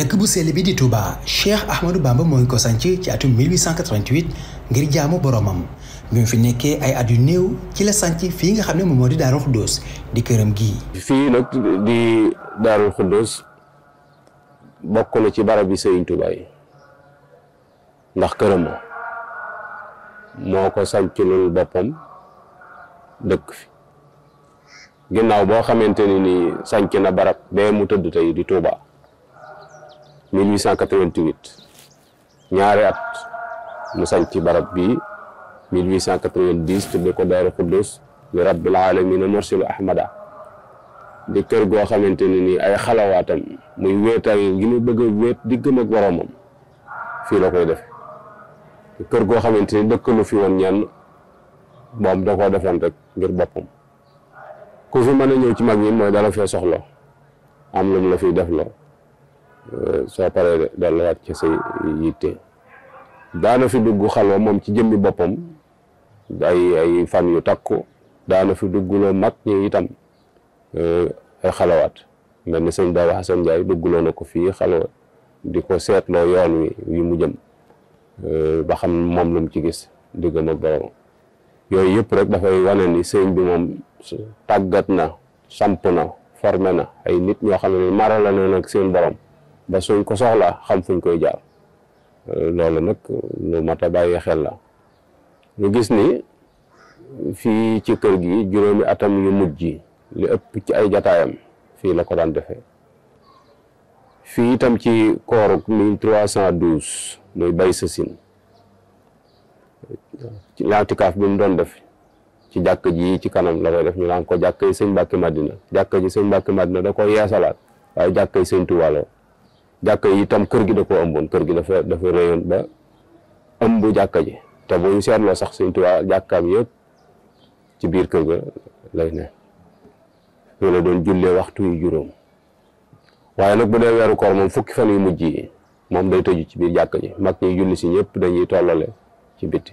dëkk bu sell bi di Touba Cheikh Ahmadou Bamba mooy ko sanc ci atum 1888 ngir jaamu boromam bi mu fi nekkee ay at yu néew ci la sanc fii nga xam ne moom moo di Daaru Xuddoos di këram gii. fii nag di Daaru Xuddoos bokk ci barab bi Sëriñ Touba yi ndax këram moo ko sanc loolu boppam dëkk fi ginnaaw boo xamante ni nii sanc na barab bee mu tëdd tey di Touba. 1888 ñaari at mu ci barab bi 1890 tudde ko daaru xuddus li rabbil alamina mursilu ahmada di kër goo xamante ne nii ay xalawaatam muy wéetaay gi mu bëgg a wéet di gëm ak fii la koy def kër goo xamante ni dëkkalu fi woon ñenn moom da koo defoon rek ngir boppam ku fi mën a ñëw ci mag ñi mooy dala fee soxla am lu mu la fi def loo soo paree delluwaat ci sa yitte daana fi dugg xalwa moom ci jëmmi boppam ay fan yu takku daana fi duggloo mag ñi itam eh, ay xalawaat mel ni sëñ Daaw Xasan Njaay duggloo na ko fii xalwa di ko seet seetloo yoon wi wi mu jëm eh, ba xam moom lu ci gis diggam ak borom yooyu yëpp rek dafay wane ni sëñ bi moom tàggat na samp na formé na ay nit ñoo xam ne mara la ne nag seen borom ba suñ ko soxlaa xam fuñ koy jaar loolu nag lu mat a bàyyi xel la ñu gis ni fii ci kër gi juróomi atam yu mujj li ëpp ci ay jataayam fii la ko daan defee fii itam ci kooruk mille trois cent douze muy bay sasin ci laatikaaf bi mu doon def ci jàkk ji ci kanam la koy def ñu naan ko jàkk yi sëñ Mbàkke Madina jàkk ji sëñ Mbàkke Madina da ko yeesalaat waaye jàkk yi sëñ Tuubaa jàkka yi itam kër gi da koo ëmboon kër gi dafa dafa réyoon ba ëmb jàkka ji te bu ñu seetloo sax Sëñ Tuubaa jàkkaam yépp ci biir kër ga lay ne loolu la doon jullee waxtu yu juróom waaye nag bu dee weeru koor moom fukki fan yu mujj yi moom day tëju ci biir jàkka ji mag ñi julli si ñëpp dañuy tollale ci bitti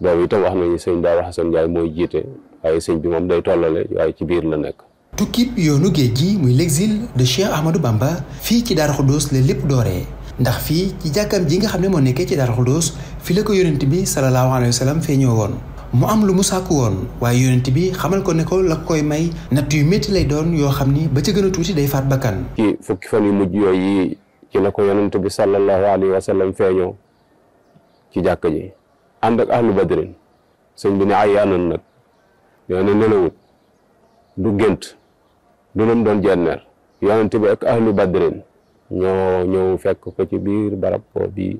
boobu itam wax nañu sëñ daa wax Xasan jiite waaye sëñ bi moom day tollale waaye ci biir la nekk tukki yoonu géej gi muy l'exil de Cheikh Ahmadou Bamba fii ci daaraxu doos la lépp dooree ndax fii ci jàkkam ji nga xam ne moo nekkee ci Darou Khoudoss fi la ko yonent bi sallallahu alayhi wa sallam fee ñëw woon mu am lu mu sàkku woon waaye yonent bi xamal ne ko la koy may natt yu métti lay doon yoo xam ni ba ca gën a tuuti day faat bakkan ci fukki fan yu mujj yooyu ci la ko yonent bi sallallahu alayhi wa sallam feeñoo ci jàkk ji ànd ak ahlu badrin sëñ bi ne ayyaanan nag nee na nelawut du gént du leen doon jenneer yonent bi ak ahlu badrin ñoo fekk ko ci biir barab boo bii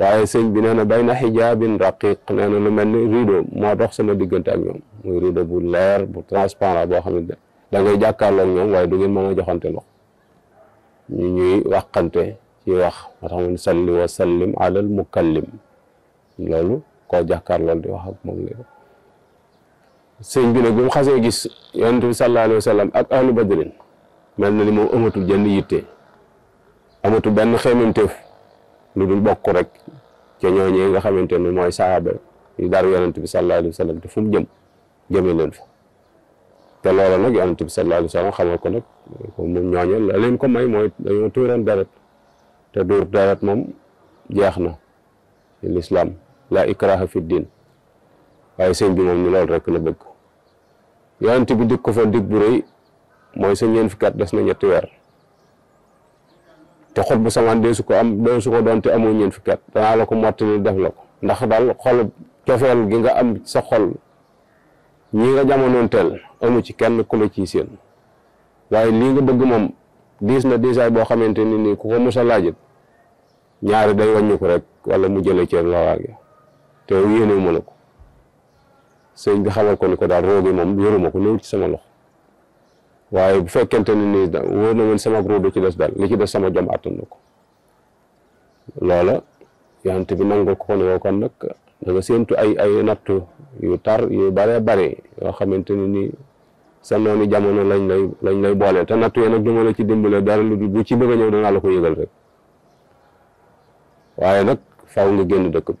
waaye sëñ bi nee na bay na xijaabin raqiq nee na lu mel ni rideau moo dox sama diggante ak ñoom muy bu leer bu transparent boo xam ne da ngay jàkkaarloo ak ñoom waaye du ngeen mën a joxante loxo ñu ñuy waxante ci wax moo tax mun salli wa alal mukallim loolu koo jàkkaarloo di wax ak moom lay sëñ bi nag bu mu xasee gis yonent bi sallallahu alayhi wa sallam ak ahlu badrin mel na ni moom amatul jenn yitte amatul benn xeemanteef lu dul bokk rek ca ñooñee nga xamante ne mooy sahaaba yu dara yonent bi sallallahu wa sallam te fu mu jëm jëmee leen fa te loola nag yonent bi sallallahu wa sallam xamal ko nag moom ñooñe la leen ko may mooy dañoo tuuran deret te duur deret moom jeex na lislaam la ikraha fi diin waaye sëñ bi moom ni loolu rek la bëgg yonent bi dig ko fa dig bu rëy mooy sa ñeent fukki des na ñetti weer te xot bu samaan dee su ko am dee su ko doon te amoo ñeent fukki at danaa la ko mottali def la ko ndax daal xol cofeel gi nga am sa xol ñi nga jamonoon teel amu ci kenn ku la ciy seen waaye lii nga bëgg moom diis na diisaay boo xamante ni nii ku ko mos a laajit ñaari day wàññi ko rek wala mu jëlee ceeb la waage te yéene mu la ko sëñ bi xamal ko ni ko daal roogi moom yoruma ko néewul ci sama loxo waaye bu fekkente ni nii wóor na woon sama roodu ci des daal li ci des sama jom attan na ko loola yonent bi nangu ko kon nag da nga séentu ay ay yu tar yu bare bare yoo xamante ni nii sa noonu jamono lañ lay lañ lay boole te nattu yee nag duma la ci dimbale dara lu bu ci bëgg a ñëw danaa la ko yëgal rek waaye nag faw nga génn dëkk bi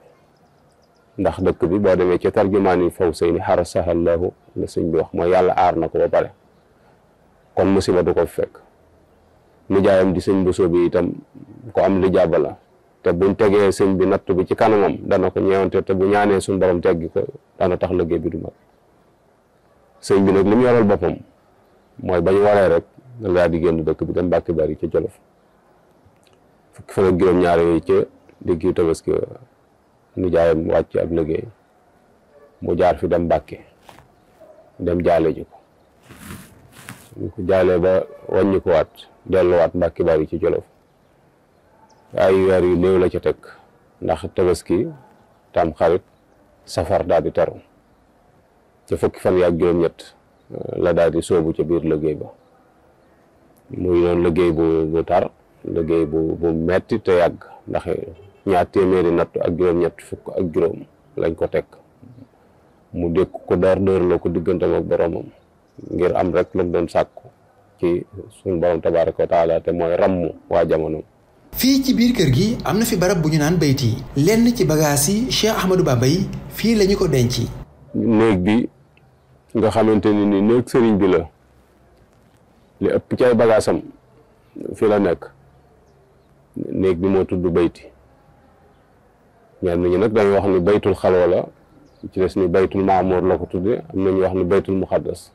ndax dëkk bi boo demee ci tarjumaani faw sëy ni xarasaha llaahu la sëñ bi wax mooy yàlla aar na ko ba pare kon musiba du ko fekk nijaayam di sëñ Bousso bi itam ko am li jàbb la te buñ tegee sëñ bi natt bi ci kanamam dana ko ñeewante te bu ñaanee suñ borom teggi dana tax liggéey bi bi nag li mu yoral boppam mooy bañ waree rek laa di génn dëkk bi dem Mbàkke Bari ca Jolof fukki fan ak juróom-ñaar yooyu ca diggi tabaski nijaayam wàcc ab liggéey mu jaar fi dem Mbàkke dem jaale ji ko ñu ba wàññi ko waat delluwaat Mbàkke bari ci Jolof ay weer yu néew la ca teg ndax tabaski tam xarit safar daal di teru ca fukki fan yi ak ñett eh, la daal di sóobu ca biir liggéey ba muy doon liggéey bu tar liggéey bu metti te yàgg ndax ñaar téeméeri natt ak juróom-ñett fukk ak juróom lañ ko teg mu dékk ko door dóor la ko diggantam ak boromam ngir am rek lañ doon sàkku ci suñ borom tabaaraka wa mooy ràmm waa jamono. fii ci biir kër gi am na fi barab bu ñu naan bayti lenn ci bagages yi Cheikh Ahmadou Bamba yi fii lañu ñu ko denc. néeg bi nga xamante ni ni néeg sëriñ bi li ëpp ci ay bagaasam fii la nekk néeg bi moo tudd bayti ñenn ñi nag dañuy wax ni baytul xalwa la ci des ni baytul maamoor la ko tudde am na ñuy wax ni baytul muxaddas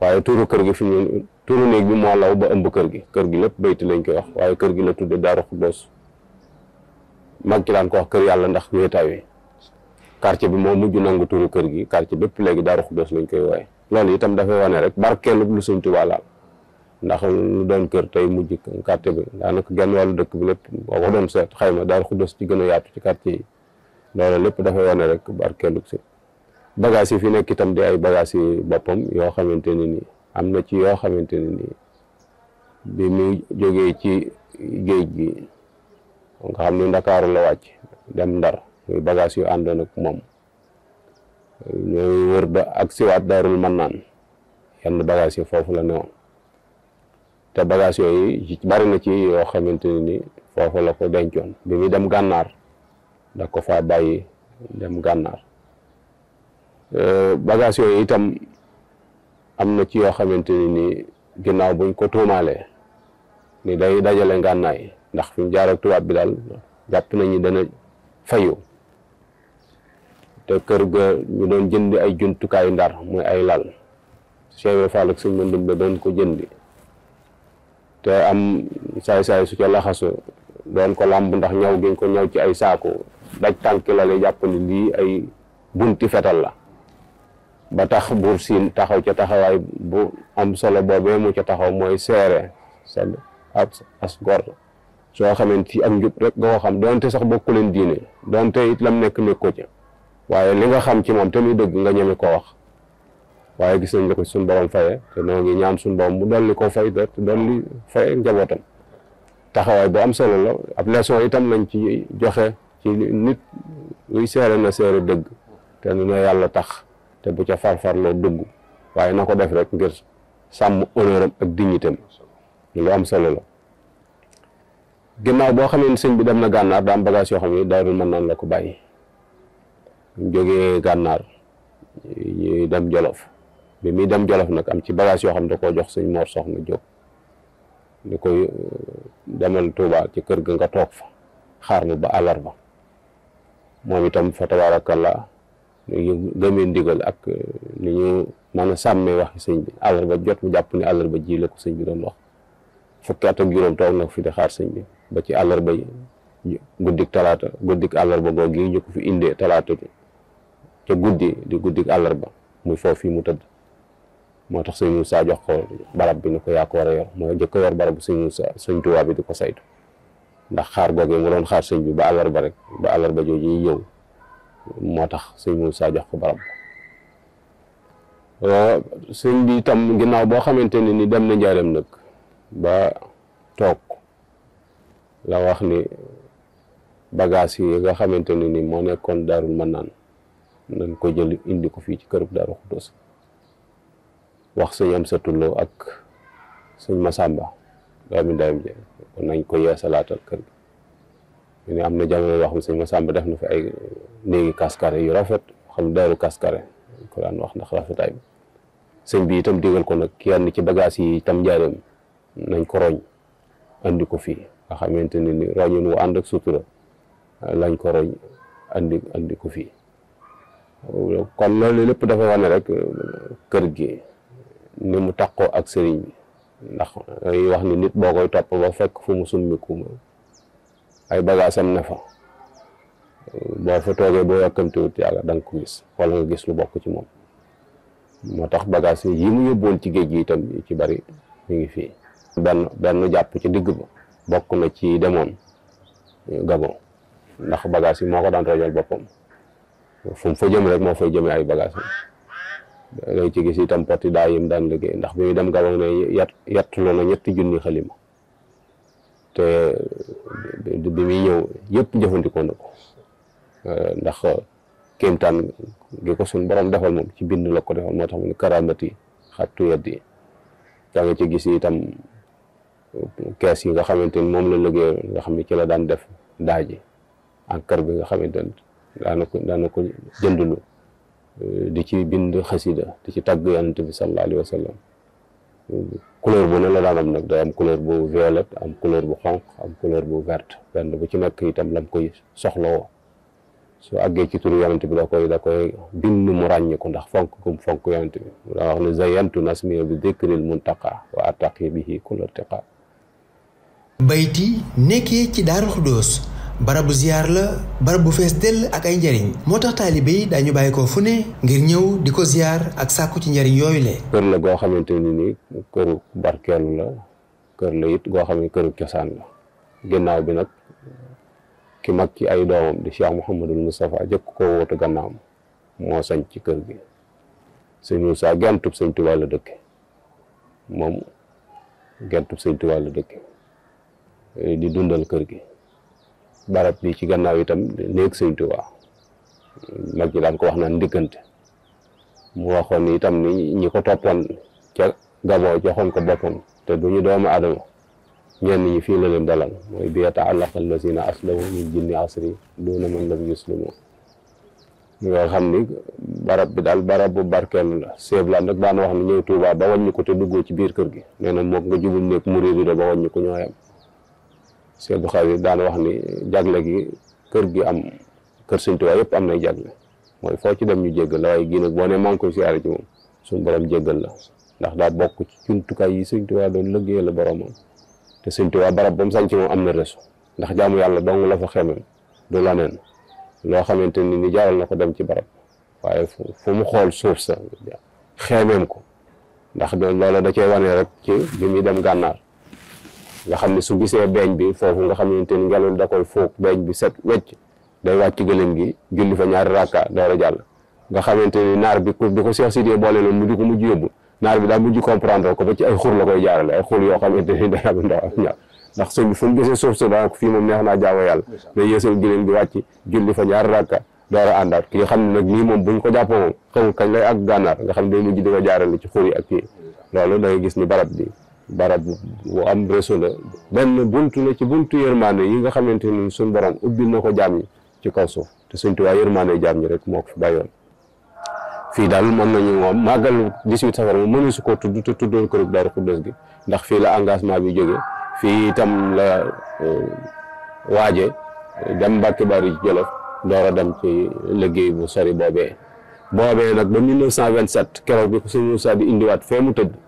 waaye tuuru kër gi fi ñu tuuru néeg bi moo law ba ëmb kër gi kër gi lépp bayti lañ koy wax waaye kër gi la tudde daaru xuddoos mag ci daan ko wax kër yàlla ndax wéetaay wi quartier bi moo mujj nangu tuuru kër gi quartier bépp léegi daaru xuddoos lañ koy wooye loolu itam dafay wane rek barkeelu lu Sëñ Tuubaa ndax lu doon kër tey mujj quartier bi daanaka genn wàllu dëkk bi lépp boo ko doon seet xayma daal xuddos ci gën a yaatu ci quartier yi loolu lépp dafa wane rek barkeelug si yi fi nekk itam di ay bagages yi boppam yoo xamante ne am na ci yoo xamante ne bi mu jógee ci géej gi nga xam ni ndakaaru la wàcc dem ndar muy bagages yu àndoon ak moom ñooy wër ba ak siwaat daarul mannaan yenn bagages yi foofu la newoon te yooyu bari na ci yoo xamante ne ni foofu la ko dencoon bi muy dem gànnaar da ko fa bàyyi dem gànnaar euh, bagage yooyu itam am na ci yoo xamante ne ni ginnaaw buñ ko tuumaalee ni day dajale ngànnaay ndax fi mu jaar tubaab bi daal jàpp ñi dana fayu te kër ga ñu doon jënd ay jumtukaayu ndar muy ay lal Cheikh Fall ak sëñ Mandumbe doon ko jëndi te am saay-saay su ca laxasu doon ko làmb ndax ñaw giñ ko ñaw ci ay saaku daj tànki la lay jàpp ni lii ay bunti fetal la ba tax buur siin taxaw ca taxawaay bu am solo boobee mu ca taxaw mooy seere sa as gor soo xamante ci ak njub rek nga ko xam donte sax bokku leen diine donte it la mu nekk ko ci waaye li nga xam ci moom te muy dëgg nga ñeme koo wax waaye gis nañ la ko suñu borom fayee te noo ngi ñaan suñu borom mu dolli ko fay te dolli fayee njabootam taxawaay bu am solo la ab leçon itam lañ ci joxe ci nit luy seere na seere dëgg te nu yàlla tax te bu ca loo dugg waaye na ko def rek ngir sàmm honneur ak dignité lu am solo la ginnaaw boo xamee ne sëñ bi dem na gànnaar daa am yoo xam ne daarul mën naan la ko bàyyi ñu gànnaar ñu dem jolof bi muy dem jolof nag am ci bagage yoo xam da koo jox sëñ Mor Soxna Diop ni koy euh, demal Touba ci kër ga nga toog fa xaar nu ba àllarba moom itam fa tabaarakallaa ñu gëmee ndigal ak euh, ni ñu mën a sàmmee waxi sëñ bi àllarba jot mu jàpp ne àllarba ji la sëñ bi doon wax fukki at ak juróom toog nag fi di xaar sëñ bi ba ci àllarba guddik talaata guddik àllarba googu ñu ko fi indee talaata te guddi di guddik àllarba muy foofu mu tëdd moo tax sëñ Moussa jox ko barab bi ni ko yaa ko war a yor mooy jëkk ko yor barabu sëñ Moussa sëñ Tuubaa bi di ko saytu ndax xaar googee mu doon xaar sëñ bi ba àllarba rek ba àllarba jooju yi ñëw moo tax sëñ Moussa jox ko barab sëñ bi itam ginnaaw boo xamante ne ni dem na njaareem nag ba toog la wax ni bagage yi nga xamante ne ni moo nekkoon daarul mannaan nañ ko jël indi ko fii ci kërub daaru Xudoos wax sëñ am sa tulloo ak sëñ Masamba nañ ko yeesalaatal kër gi ñu ne am na jamono yoo xam Masamba def na fi ay néegi kaskare yu rafet xam daaru kaskare ko daan wax ndax rafetaay bi sëñ bi itam digal ko nag kenn ci bagage yi itam njaareem ko roñ andi ko fii nga ne ni roñun wu ànd ak sutura ko roñ ko fii kon loolu lépp dafa wane rek kër gi ni mu takkoo ak sëriñ ndax wax ni nit boo koy topp ba fekk fu mu summiku ay bagaasam ne fa boo fa toogee boo yàkkamtiwut yàlla da nga ko gis wala nga gis lu bokk ci moom moo tax bagaas yi mu yóbboon ci géej gi itam ci bari mi ngi fii benn benn jàpp ci digg ba bokk na ci demoon Gabon ndax bagaas yi moo ko daan rajal boppam fu mu fa jëm rek moo fay jëmee ay bagaasam dangay ci gis itam poti daa yim daan liggéey ndax bi muy dem gabon ne yat yattuloo na ñetti junni xalima te bi muy ñëw yëpp jëfandikoo ko euh, ndax kéemtaan gi ko suñ borom defal moom ci bind la ko defal moo tax mu ne karamati xattu yeddi da nga ci gis itam kees yi nga xamante ni moom la liggéey nga xam ne ci la daan def daaji ak kër bi nga xamante ni daana Euh, di ci bind xasida di ci tagg yonent bi sallallahu alayhi wa sallam couleur bu ne la daan nag day am couleur bu violet am couleur bu xonq am couleur bu verte benn bu ci nekk itam lam koy soxlawoo su àggee ci turu yonent bi da koy da koy bind mu ràññ ndax fonk gum fonk yonent bi daa wax ne zayantu nasmiya bi dikril muntaqa wa attaqi bihi kulla irtiqa bayti nekkee ci Daaru Xuddoos barabu ziyaar la barab bu fees dell ak ay njariñ moo tax taalibe yi daañu bàyyi ko fu ne ngir ñëw di ko ziyaar ak sàkku ci njariñ yooyu le kër la goo xamante ni nii këru barkeelu la kër la it goo xam ne këru cosaan la ginnaaw bi nag ki mag ki ay doomam di Cheikh Mouhamadul Moustapha jëkk koo wootu gannaawam moo sañ ci kër gi sëñ Moussa gentub sëñ Tuubaa la dëkk moom gentub sëñ Tuubaa la dëkk di dundal kër gi barab bi ci gannaaw itam néeg sëñ Tuubaa mag ñi daan ko wax naan ndiggante mu waxoon itam ni ñi ko toppoon ca Gabon joxoon ko boppam te du ñu doomu aadama ñenn ñi fii la leen dalal mooy bi na allazina aslamu min jinni asri na man lam yuslimu nga xam ni barab bi daal barab bu barkeel la seeblaan rek daan wax ni ñëw Tuubaa ba wàññi ko te duggoo ci biir kër gi nee na mook nga jubul nekk muréer yi de ba wàññi ko ñooyam Sëñ Abdou Khadre daan wax ni jagle gi kër gi am kër Sëñ Tuubaa am nay jagle mooy foo ci dem ñu jéggal la waaye gii nag boo ne maa ngi koy siyaare ci moom suñu borom jéggal la ndax daa bokk ci cuntukaay yi Sëñ Tuubaa doon lëggee la boromam te Sëñ Tuubaa barab ba mu sañ ci moom am na resu ndax jaamu yàlla dong la fa xemem du laneen loo xamante ni ni jaaral na ko dem ci barab waaye fu mu xool suuf sa xeemeem ko ndax loolu da cee wane rek ci bi muy dem gànnaar nga xam ne su gisee beeñ bi foofu nga xamante ni ngelaw da koy foog beeñ bi set wecc day wàcc gi julli fa ñaari rakka door a nga xamante ni naar bi bi ko Cheikh boole loon mu di ko mujj naar bi daal mujj comprendre ko ba ci ay xur la koy jaarale ay xur yoo xamante ni day am ndox fii moom neex naa jaamu yàlla day bi wàcc julli fa ñaari rakka a àndaat ki nga xam ne nag nii moom buñ ko jàppoo kañ lay ak gànnaar nga xam ne day mujj di ko jaarale ci xur ak kii loolu da gis ni barab bi barab bu am réseau la benn buntu la ci buntu yërmaande yi nga xamante ni suñ borom ubbi na ko jaam yi ci kaw suuf te Sëñ Tuubaa yërmaande jaam ñi rek moo ko fi fii daal mën nañu moom màggal 18 safar moom mënu su ko tudd te tuddoon kërug Daaru Xudoos gi ndax fii la engagement bi jóge fii itam la euh, waaje dem Mbàkke Bari Jolof door a dem ci liggéey bu sori boobee boobee nag ba 1927 keroog bi ko sëñ Moussa di indiwaat fee mu tëdd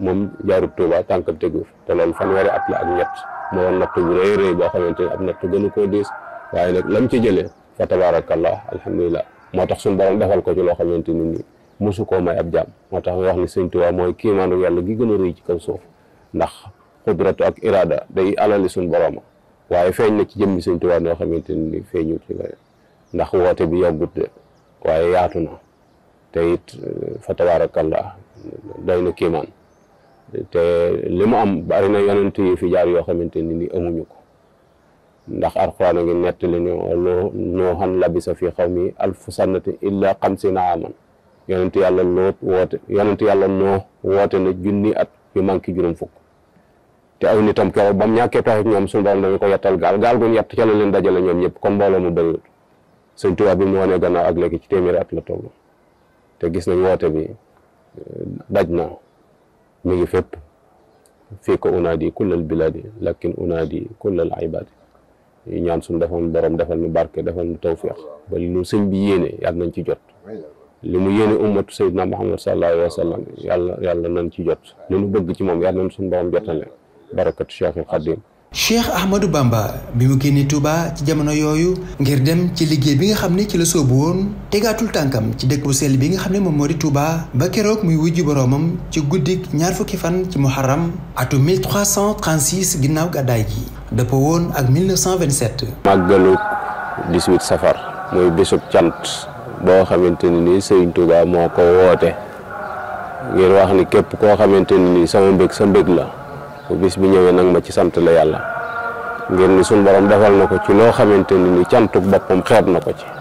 moom jaarut Touba tànkam tegu te loolu fanweeri at la ak ñett moo woon natt bu rëy rëy boo xamante ne ab natt gënu koo diis waaye nag lam ci jëlee fa tabaarakallah alhamdulilah moo tax suñu borom defal ko ci loo xamante ni nii mosu koo may ab jaam moo tax wax ni sëñ Touba mooy kiimaanu yàlla gi gën a rëy ci kaw suuf ndax xudratu ak irada day alali suñu borom waaye feeñ na ci jëmmi sëñ Touba noo xamante ni nii feeñut ci ndax woote bi yàggut waaye yaatu na te it fa tabaarakallah doy na te li mu am bari na yonent yu fi jaar yoo xamante ni ni amuñu ko ndax alxuraan a ngi nettali ñu loo nooxan labisa fi xawmi alfu sannati illa xamsina aman yonent yàlla loot woote yàlla noo woote na junni at yu manqué juróom fukk te aw nitam kew ba mu ñàkkee tax ñoom suñu borom dañu ko yettal gaal gaal gu ñu yett la leen dajale ñoom ñëpp comme mbooloo mu bëriwul sëñ Tuubaa bi mu wanee gannaaw ak léegi ci téeméeri at la toll te gis nañ woote bi eh, daj na mi ngi fépp fii ko unaadi kullal bilaadi lakin unaadi kullal ibaadi ñu ñaan suñu defal borom defal nu barke defal nu tawfiq ba li nu sëñ bi yéene yàlla nañ ci jot li mu yéene ummatu sayyidina muhammad sallallahu alayhi wa sallam yàlla yàlla nañ ci jot li mu bëgg ci moom yàlla nañ suñu borom jotale barakatu cheikh il xadim Cheikh Ahmadou Bamba bi mu génne Touba ci jamono yooyu ngir dem ci liggéey bi nga xam ne ci la soobu woon tegaatul tànkam ci dëkk bu bi nga xam ne moom moo di Touba ba keroog muy wujj boroomam ci guddik ñaar fukki fan ci muharram atu 1336 ginnaaw gàddaay gi dëppoo woon ak 1927. màggalu 18 safar mooy bésub cant boo xamante ni Serigne Touba moo ko woote ngir wax ni képp koo xamante ne ni sama mbég sa mbég la. bu bis bi ñëwee nag ma ci sant la yàlla ngir ni suñ borom defal na ko ci loo xamante ni ni cantuk boppam xeeb na ko ci